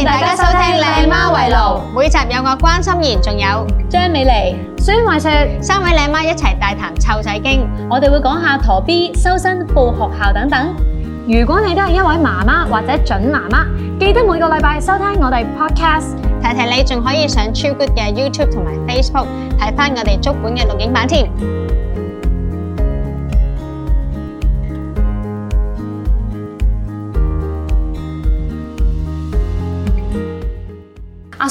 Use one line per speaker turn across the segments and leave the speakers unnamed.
歡迎大家
收聽《靚媽圍爐》，每集有我關心妍，仲有張美妮、孫慧雪，三位靚媽一齊大談湊仔經，我哋會講下陀 B、修身、報學校等等。如果你都係一位媽媽或者準媽媽，記得每個禮拜收聽我哋 podcast。提提你仲可以上超 good 嘅 YouTube 同埋 Facebook 睇翻我哋足本嘅錄影版添。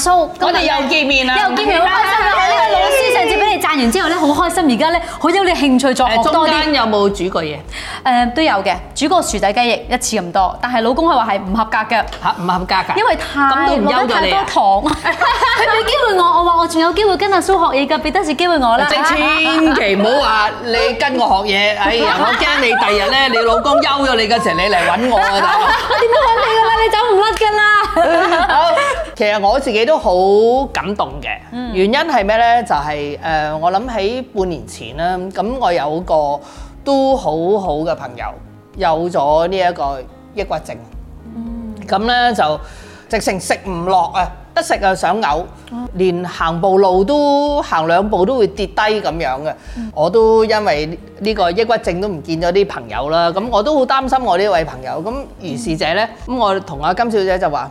叔，so, 我哋又見面啦，又見面好開心啊！呢個老師上次俾你讚完之後咧，好開心，而家咧好有你興趣作多啲。中間有冇煮過嘢？誒、呃，都有嘅，煮過薯仔雞翼一次咁多，但係老公佢話係唔合格嘅，吓唔、啊、合格噶？因為太都唔多糖。佢冇機會我，我話我仲有機會跟阿叔學嘢噶，俾得住機會我啦。即係千祈唔好話你跟我學嘢，哎呀，我驚你
第日咧你老公休咗你嘅時候，你嚟搵我啊！點
都搵你噶嘛？你走唔甩噶啦。
其實我自己都好感動嘅，原因係咩呢？就係誒，我諗喺半年前啦，咁我有個都好好嘅朋友，有咗呢一個抑鬱症，咁呢就直情食唔落啊，一食又想嘔，連行步路都行兩步都會跌低咁樣嘅。我都因為呢個抑鬱症都唔見咗啲朋友啦，咁我都好擔心我呢一位朋友。咁於是者呢，咁我同阿金小姐就話。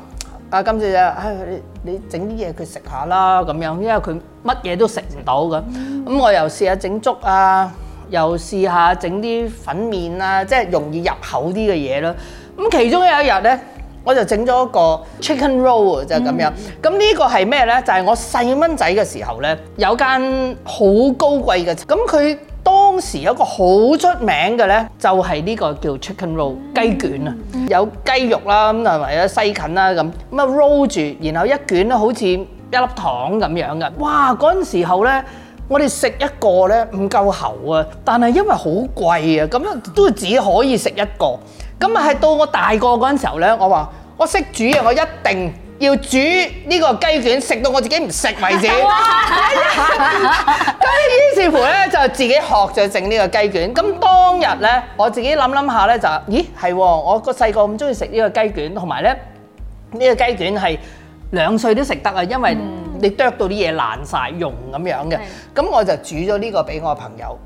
啊，今次就唉、哎，你你整啲嘢佢食下啦，咁樣，因為佢乜嘢都食唔到㗎。咁、嗯嗯、我又試下整粥啊，又試下整啲粉麵啊，即係容易入口啲嘅嘢咯。咁、嗯、其中有一日呢，我就整咗個 chicken roll 就咁樣。咁呢、嗯嗯、個係咩呢？就係、是、我細蚊仔嘅時候呢，有間好高貴嘅，咁佢。當時有一個好出名嘅呢，就係呢個叫 Chicken Roll 雞卷啊，有雞肉啦，咁同埋有西芹啦咁，咁啊 roll 住，然後一卷咧好似一粒糖咁樣嘅。哇！嗰陣時候呢，我哋食一個呢唔夠喉啊，但係因為好貴啊，咁樣都只可以食一個。咁啊係到我大個嗰陣時候呢，我話我識煮嘢，我一定。要煮呢個雞卷，食到我自己唔食為止。咁於是乎咧，就自己學着整呢個雞卷。咁當日咧，我自己諗諗下咧，就咦，係喎，我個細個咁中意食呢個雞卷，同埋咧呢個雞卷係兩歲都食得啊，因為你剁到啲嘢爛晒溶咁樣嘅。咁我就煮咗呢個俾我朋友。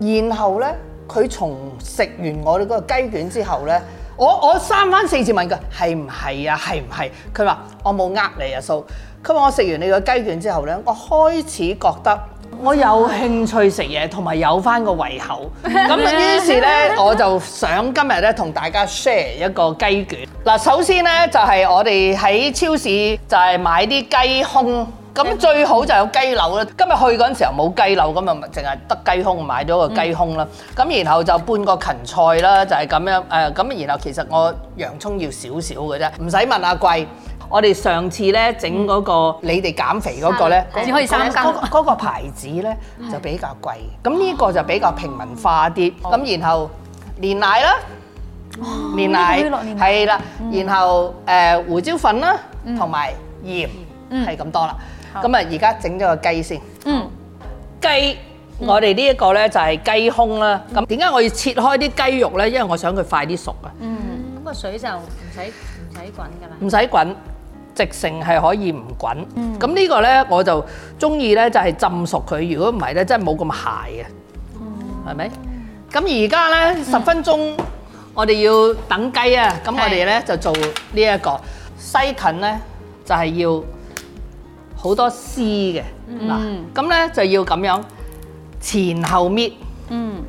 然後咧，佢從食完我哋個雞卷之後咧。我我三番四次問佢係唔係啊，係唔係？佢話我冇呃你啊，蘇。佢話我食完你個雞卷之後呢，我開始覺得我有興趣食嘢，同埋有翻個胃口。咁於是呢，我就想今日呢，同大家 share 一個雞卷。嗱，首先呢，就係我哋喺超市就係買啲雞胸。咁最好就有雞柳啦！今日去嗰陣時候冇雞柳，咁啊咪淨係得雞胸，買咗個雞胸啦。咁然後就半個芹菜啦，就係咁樣誒。咁然後其實我洋葱要少少嘅啫，唔使問阿貴。我哋上次咧整嗰個你哋減肥嗰個咧，只可以三格嗰個牌子咧就比較貴。咁呢個就比較平民化啲。咁然後煉奶啦，煉奶，係啦。然後誒胡椒粉啦，同埋鹽，係咁多啦。咁啊，而家整咗個雞先。嗯，雞我哋呢一個咧就係雞胸啦。咁點解我要切開啲雞肉咧？因為我想佢快啲熟啊。嗯，
咁、那個水就唔使
唔使滾噶啦。唔使滾，直成係可以唔滾。咁呢、嗯、個咧我就鍾意咧就係浸熟佢。如果唔係咧，真係冇咁鞋嘅。嗯，係咪？咁而家咧十分鐘，我哋要等雞啊。咁、嗯、我哋咧就做呢、這、一個西芹咧，就係要。好多絲嘅嗱，咁咧，嗯，就要咁樣前後搣，嗯，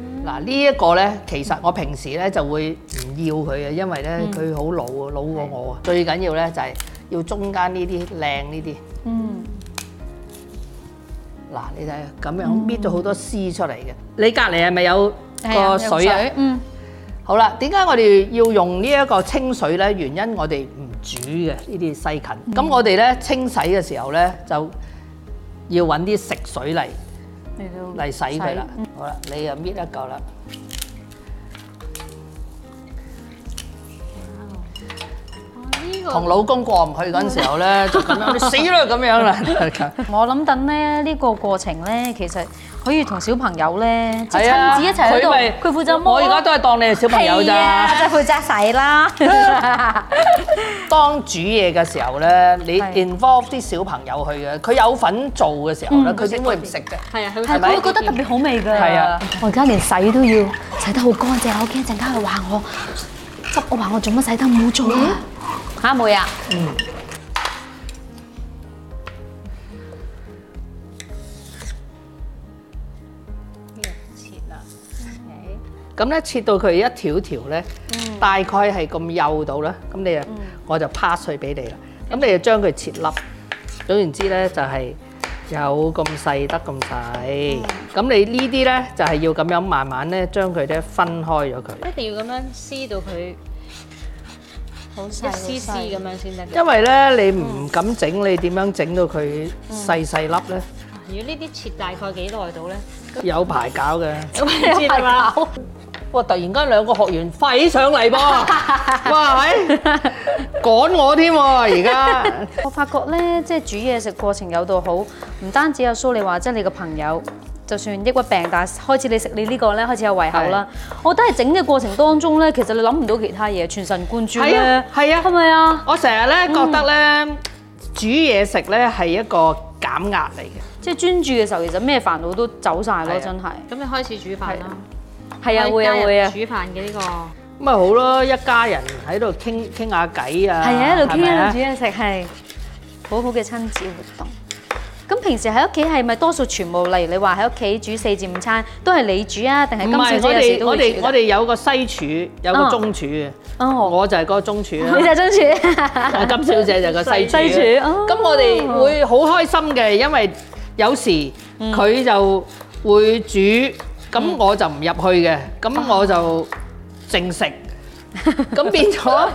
嗯，嗱呢一個咧，其實我平時咧就會唔要佢嘅，因為咧佢好老啊，嗯，老過我啊。的最緊要咧就係要中間呢啲靚呢啲，嗯，嗱你睇，咁樣搣咗好多絲出嚟嘅。你隔離係咪有個水啊？嗯，好啦，點解我哋要用呢一個清水咧？原因我哋。煮嘅呢啲西芹，咁、嗯、我哋咧清洗嘅時候咧，就要揾啲食水嚟嚟你都 洗佢啦。洗好啦，你又搣一嚿啦。同老公過唔去嗰陣時候咧，就咁樣死啦咁樣啦！
我諗等咧呢個過程咧，其實可以同小朋友咧，親子一齊喺度。佢咪佢負責，我而家都係當你係小朋友咋？係啊，就負責洗啦。
當煮嘢嘅時候咧，你 involve 啲小朋友去嘅，佢有份做嘅時候咧，佢先會唔食嘅。係啊，係咪？佢會覺得特別好味嘅。係啊，
我而家連洗都要洗得好乾淨，我驚一陣間佢話我執我話我做乜洗得唔好咗啊！阿妹啊！嗯，切
啦。O K，咁咧切到佢一條條咧，大概係咁幼到啦，咁你啊，我就拍碎俾你啦。咁你啊，將佢切粒。總言之咧，就係有咁細得咁細。咁你呢啲咧，就係要咁樣慢慢咧，將佢咧分開咗佢。
一定要咁樣撕到佢。好細絲絲咁樣先得，因為咧你唔
敢整，你點樣整到佢細細粒咧？如果呢啲切大概幾耐到咧？有排搞嘅，唔知你話好。哇！突然間兩個學員飛上嚟噃，哇！趕我添喎，而家。我發
覺咧，即係煮嘢食過程有度好，唔單止有蘇，你話即係你個朋友。就算抑鬱病，但係開始你食你呢個咧，開始有胃口啦。我覺得係整嘅過程當中咧，其實你諗唔到其他嘢，全神貫注咧，係啊，係啊，係咪啊？我成日咧覺得咧，
煮嘢食咧係一個減壓嚟嘅，即係專注嘅時候，其實咩煩惱都走晒咯，真係。咁你開
始煮飯啦，係啊，會啊，會啊，煮飯
嘅呢個。咁咪好咯，一家人喺度傾傾下偈啊，係啊，喺度傾，煮
嘢食係好好嘅親子活動。咁平時喺屋企係咪多數全部，例如你話喺屋企煮四至五餐，都係你煮啊？定係金小姐有時都會煮。唔係，我哋我哋我哋
有個西廚，有個中廚嘅。哦，我就係嗰個中廚啦。你就係中廚。金小姐就係個西西廚。咁我哋會好開心嘅，因為有時佢就會煮，咁我就唔入去嘅，咁我就淨食，咁變咗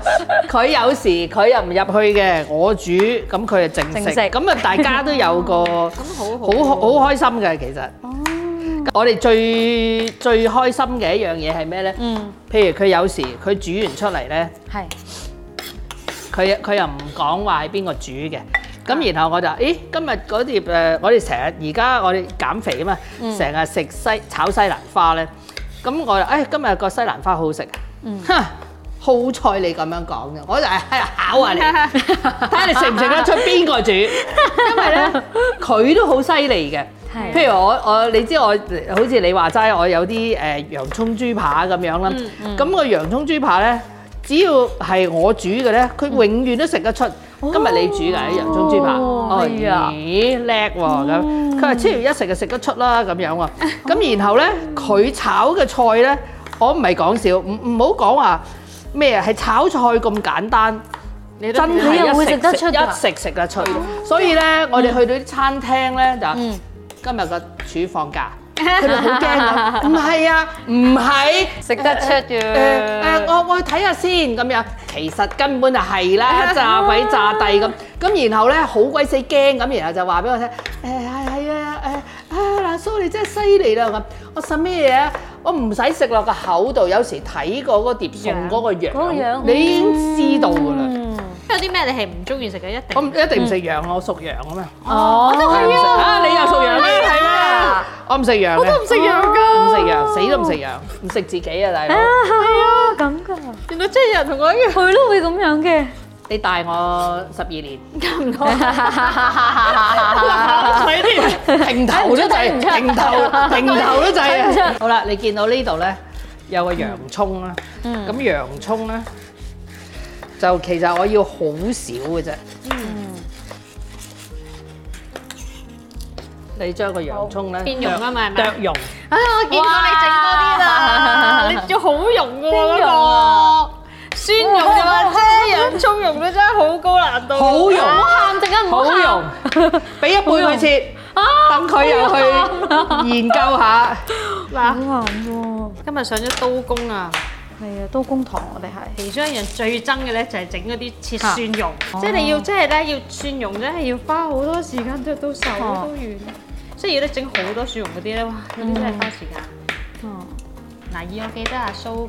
佢有時佢又唔入去嘅，我煮，咁佢就靜食。咁啊，大家都有個好好好開心嘅其實。哦，我哋最最開心嘅一樣嘢係咩呢？嗯，譬如佢有時佢煮完出嚟呢，係佢佢又唔講話係邊個煮嘅。咁然後我就誒今日嗰碟誒，我哋成日而家我哋減肥啊嘛，成日食西炒西蘭花呢。咁我誒今日個西蘭花好好食。嚇，好彩你咁樣講嘅，我就係喺度考下你，睇下你食唔食得出邊個煮？因為咧，佢都好犀利嘅。譬如我我你知我，好似你話齋，我有啲誒洋葱豬扒咁樣啦。咁個洋葱豬扒咧，只要係我煮嘅咧，佢永遠都食得出。今日你煮嘅洋葱豬扒，哦，咦，叻喎咁。佢話：，即係一食就食得出啦咁樣啊。咁然後咧，佢炒嘅菜咧。我唔係講笑，唔唔好講話咩啊，係炒菜咁簡單，你真係會食得出。一食食得出，所以咧，我哋去到啲餐廳咧、嗯、就，今日個廚放假，佢哋好驚㗎。唔係 啊，唔係食得出嘅。誒、呃呃，我我去睇下先咁樣。其實根本就係啦，炸鬼炸帝咁。咁然後咧好鬼死驚，咁然後就話俾我聽，誒係係啊，誒啊嗱，叔、哎哎哎、你真係犀利啦咁。我食咩嘢啊？我唔使食落個口度，有時睇嗰個碟餸嗰個羊，你已經知道㗎啦。嗯，有
啲咩你係唔
中意食嘅？一定我唔一定唔食羊，我屬羊啊嘛。哦，我都係啊！你又屬羊咩？係咩？我唔食羊，我都唔食羊㗎，唔食羊死都唔食羊，唔食自己啊大哥！啊
哈，咁㗎。原來真係有人同我一樣，佢都會咁樣嘅。你大
我十二年，唔同，睇啲平頭都滯，平頭平頭都滯。好啦，你見到呢度咧，有個洋葱啦，咁洋葱咧，就其實我要好少嘅啫。嗯，你將個洋葱咧，剁蓉
啊！我見過你整多啲啦，你做好蓉嘅喎，嗰個。蒜蓉又係真，葱蓉咧真係好高難
度。好用，唔好喊，陣間唔好用。好用，
俾一盤佢切，等佢又去研究下。嗱，好難喎，今日上咗刀工啊！係啊，刀工堂我哋係其中一樣最憎嘅咧，就係整嗰啲切蒜蓉，即係你要即係咧要蒜蓉，真係要花好多時間，剁到手都軟。即係要咧整好多蒜蓉嗰啲，哇，嗰啲真係花時間。嗯，嗱，以我記得阿蘇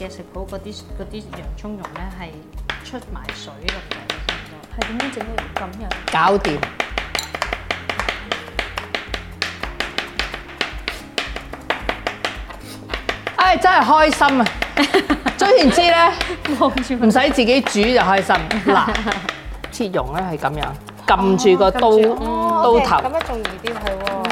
嘅食譜嗰啲嗰啲洋葱蓉咧，係出埋水
嘅程度，係點樣整到？咁樣搞掂。唉，真係開心啊！總言之咧，唔使自己煮就開心。嗱，切蓉咧係咁樣，撳住個刀刀頭，咁樣
仲易啲係喎。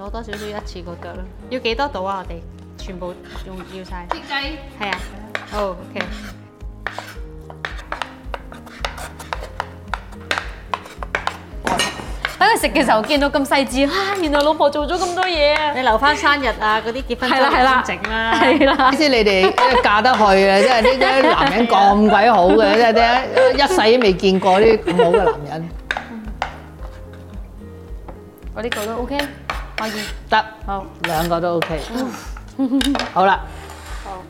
攞多少少一次個腳，咯，要幾多度啊？我哋全部用要曬。設計。係啊。好 OK。等佢食嘅時候見到咁細緻，啊！原來老婆做咗咁
多嘢。你留翻生日啊嗰啲結婚裝飾啦。係啦。係啦。點知你哋嫁得去嘅，即係啲啲男人咁鬼好嘅，即係啲一世都未見過啲咁好嘅男人。
我呢個都 OK。得，可
以行好，兩個都 OK。
嗯，
好啦了。好，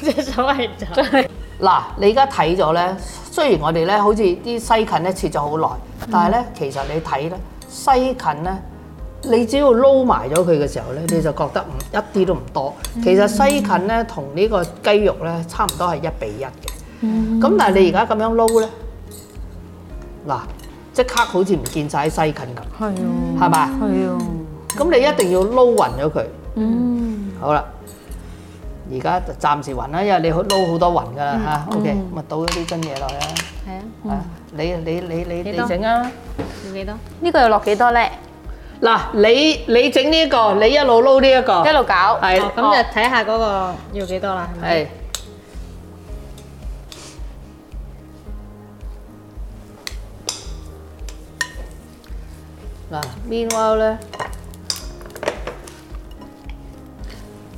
即係所謂就係。嗱，你而家睇咗咧，雖然我哋咧好似啲西芹咧切咗好耐，嗯、但係咧其實你睇咧西芹咧，你只要撈埋咗佢嘅時候咧，你就覺得唔一啲都唔多。其實西芹咧同呢個雞肉咧差唔多係一比一嘅。嗯。咁但係你而家咁樣撈咧，嗱，即刻好似唔見晒喺西芹咁。係、嗯、啊。係嘛吧？係啊。咁你一定要撈勻咗佢，嗯，好啦，而家就暫時勻啦，因為你去撈好多勻噶啦嚇，OK，咁啊倒咗啲真嘢落去啦，係啊，你你你你你整啊，要
幾多？呢個又落幾多咧？
嗱，你你整呢一個，你一路撈呢一個，一路搞，係，咁就睇下嗰個要幾多啦，係。嗱，Meanwhile 咧？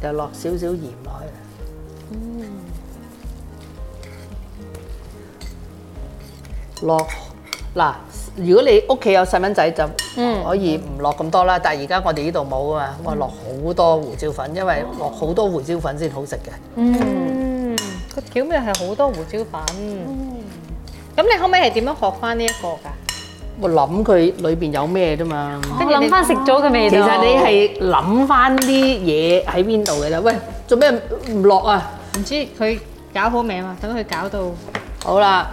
就落少少
鹽
落去，落嗱、嗯。如果你屋企有細蚊仔就可以唔落咁多啦。嗯、但係而家我哋呢度冇啊嘛，我落好多胡椒粉，因為落好多胡椒粉先好食嘅。嗯，個表咩？係好多胡椒粉。嗯，咁你後尾係點樣學返呢一個㗎？我諗佢裏邊有咩啫嘛，諗翻食咗嘅味道。其實你係諗翻啲嘢喺邊度嘅啦。喂，做咩唔落啊？
唔知佢搞好味嘛，等佢搞到。
好啦，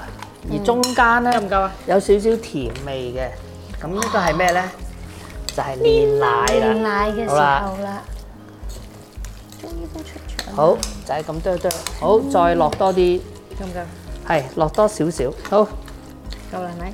而中間咧夠唔夠啊？有少少甜味嘅，咁呢個係咩咧？就係煉奶啦。煉奶嘅時候啦。
終於都出
場。好，就係咁多多。好，再落多啲。夠唔夠？係，落多少少。好。夠啦，咪。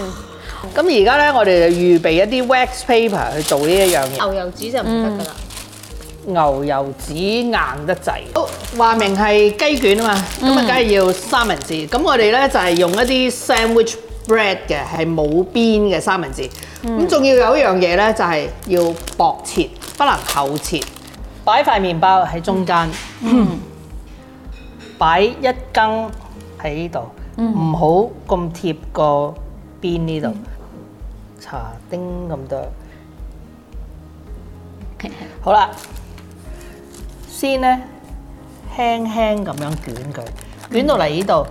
咁而家咧，我哋就預備一啲 wax paper 去做呢一樣嘢。牛
油紙就唔得㗎
喇。牛油紙硬得滯。好，話明係雞卷啊嘛，咁啊，梗係要三文治。咁我哋咧就係用一啲 sandwich bread 嘅，係冇邊嘅三文治。咁仲要有一樣嘢咧，就係要薄切，不能厚切。擺塊麵包喺中間。嗯。擺、嗯、一羹喺呢度，唔好咁貼個邊呢度。茶丁咁多，Okay. 好啦，先咧輕輕咁樣捲佢，捲到嚟呢度，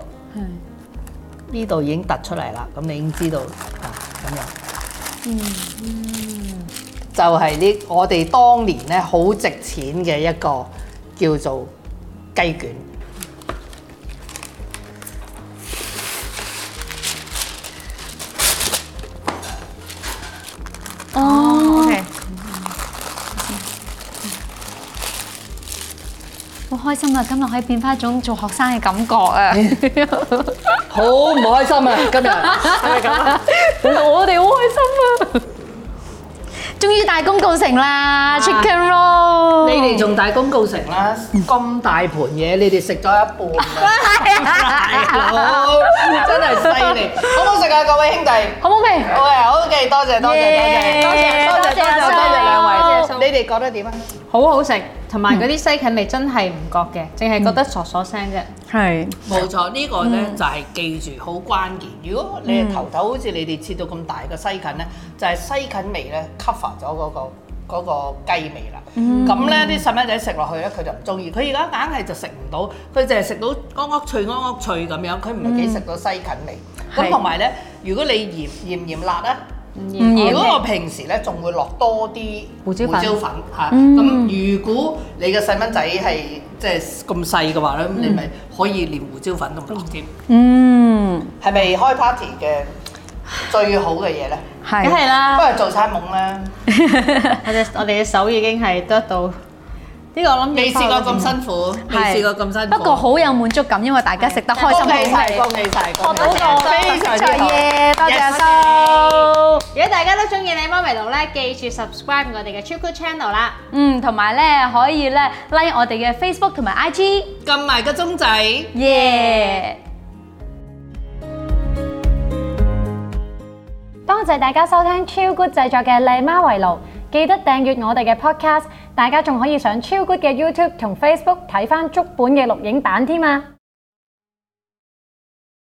呢度、mm
hmm.
已經突出嚟啦，咁你已經知道啊，咁樣，嗯嗯、mm，hmm. 就係呢我哋當年咧好值錢嘅一個叫做雞卷。
開心啊！今日可以變翻一種做學生嘅感覺啊！好唔開心啊！今日真
係咁，我哋好開心啊！終於大功告成啦！Chicken Roll，你哋仲大功告成啦！咁大盤嘢，你哋食咗一半啦！大佬，真係犀利，好唔好食啊？各位兄弟，好唔好味？O K，O K，多謝多謝多謝多謝多謝多謝兩位。你哋覺得點
啊？好好食，同埋嗰啲西芹味真係唔覺嘅，淨係、嗯、覺得嗦嗦聲啫。係、嗯，冇是錯，
呢、這個咧就係記住好關鍵。如果你係頭頭，好似你哋切到咁大嘅西芹咧，就係、是、西芹味咧 cover 咗嗰、那個嗰、那個、雞味啦。咁咧啲細蚊仔食落去咧，佢就唔中意。佢而家硬係就食唔到，佢淨係食到嗰屋脆嗰屋脆咁樣，佢唔幾食到西芹味。咁同埋咧，如果你嫌嫌唔嫌辣啊！如果我平時咧，仲會落多啲胡椒粉嚇。咁、嗯、如果你嘅細蚊仔係即係咁細嘅話咧，咁、嗯、你咪可以連胡椒粉都唔落添。嗯，係咪開 party 嘅最好嘅嘢咧？梗係啦，不過做餐懵啦。
我只我哋嘅手已經係得到。
未試過咁辛苦，未試過咁辛苦。不過好
有滿足感，因為大家食得開心。過未曬過未曬過，好過非常耶！達達！如果大家都中意《你媽為奴》咧，記住 subscribe 我哋嘅超 good channel 啦。嗯，同埋咧可以咧 like 我哋嘅 Facebook 同埋 IG，
撳埋個鐘仔。耶！
多謝大家收聽超 good 製作嘅《麗媽為奴》，記得訂閱我哋嘅 podcast。大家仲可以上超 good 嘅 YouTube 同 Facebook 睇翻足本嘅錄影版添啊！